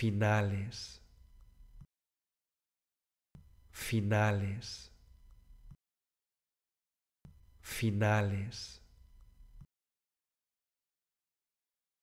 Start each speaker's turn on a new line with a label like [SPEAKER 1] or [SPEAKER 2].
[SPEAKER 1] finales, finales, finales.